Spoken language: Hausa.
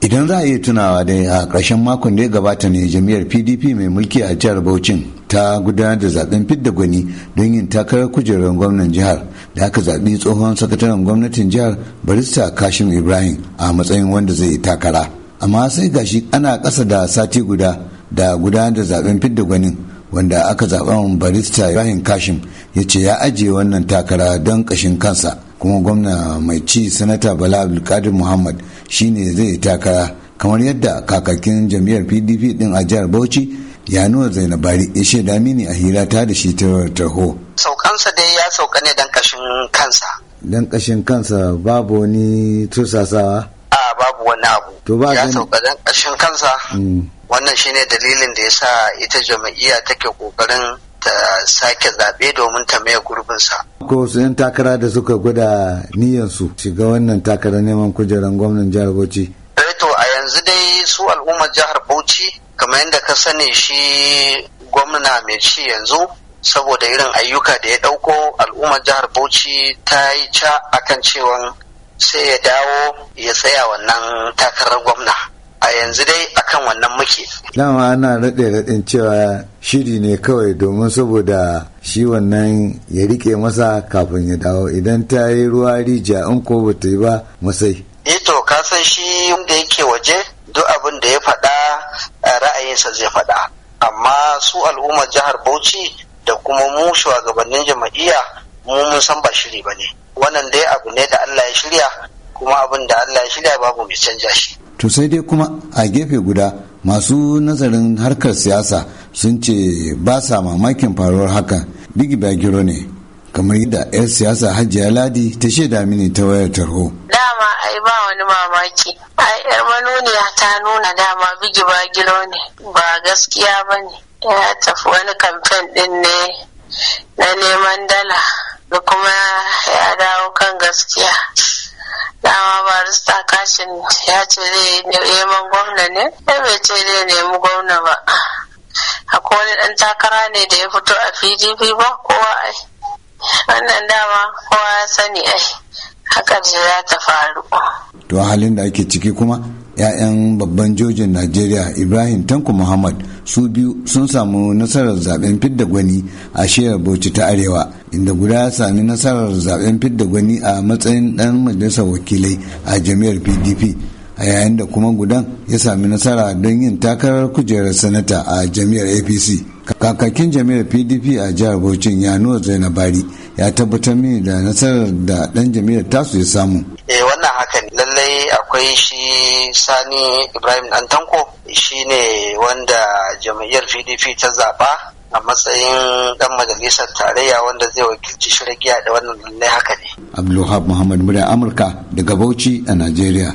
idan za a yi tunawa dai a ƙarshen makon da ya gabata ne jami'ar pdp mai mulki a jihar Bauchin ta gudanar da zaben fidda gwani don yin takarar kujerar gwamnan jihar da aka zaɓi tsohon sakataren gwamnatin jihar barista kashim ibrahim a matsayin wanda zai yi takara amma sai gashi ana ƙasa da sati guda da gudanar da zaben fidda gwanin wanda aka zaɓa barista ibrahim kashim ya ce ya ajiye wannan takara don ƙashin kansa kuma gwamna mai ci sanata bala abdulkadir muhammad shine zai takara kamar yadda kakakin jam'iyyar pdp din a jihar bauchi ya nuna zainab bari ya shaida mini a hira ta da shi ta taho saukansa dai ya sauka ne dan kashin kansa dan kashin kansa babu wani tursasawa a babu wani abu to ba ya sauka dan kashin kansa mm. wannan shine dalilin da yasa ita jam'iyya take kokarin ta sake zaɓe domin ta maye gurbinsa. Ko su yan takara da suka gwada niyyarsu shiga wannan takara neman kujerar gwamnan jihar Bauchi. Reto eh a yanzu dai su al'ummar jihar Bauchi kamar yadda ka sani shi gwamna mai ci yanzu saboda irin ayyuka da ya ɗauko al'ummar jihar Bauchi ta yi ca akan cewa sai ya dawo ya tsaya wannan takarar gwamna. yanzu dai akan wannan muke dama ana raɗe raɗin cewa shiri ne kawai domin saboda shi wannan ya rike masa kafin ya dawo idan ta yi ruwa rija in ko bata yi ba masai eh to ka san shi da yake waje duk abin da ya faɗa eh, ra'ayinsa zai faɗa amma su al'ummar jihar bauchi da kuma mu shugabannin jama'iyya mu mun san ba shiri ba ne wannan dai abu ne da allah ya shirya kuma abin da allah ya shirya babu mai canja shi to sai dai kuma a gefe guda masu nazarin harkar siyasa sun ce ba sa mamakin faruwar hakan ba bagiro ne kamar yadda 'yar siyasa hajiya ladi ta shaida mini ta wayar tarho dama ai ba wani mamaki ai 'yar manuniya ta nuna dama bigi bagiro ne ba gaskiya ba ne ya tafi wani kamfen din ne na neman dala da kuma mutum ya ce zai neman gwamna ne sai bai ce zai nemi gwamna ba akwai wani ɗan takara ne da ya fito a pdp ba kowa ai wannan dama kowa ya sani ai hakan za ta faru to halin da ake ciki kuma 'ya'yan babban jojin najeriya ibrahim tanko muhammad su biyu sun samu nasarar zaben fidda gwani a shiyar bauchi ta arewa inda guda ya sami nasarar zaben fidda gwani a matsayin dan majalisar wakilai a jami'ar pdp a yayin da kuma gudan ya sami nasara don yin takarar kujerar sanata a jami'ar apc kakakin jami'ar pdp a jihar bauchi ya nuwa bari ya tabbatar mini da nasarar da dan jami'ar tasu ya samu eh wannan haka ne lallai akwai shi sani ibrahim dantanko shi ne wanda jam'iyyar pdp ta zaɓa a matsayin ɗan majalisar tarayya wanda zai wakilci shirgiya da wannan lallai haka ne abdulwahab muhammad murya amurka daga bauchi a najeriya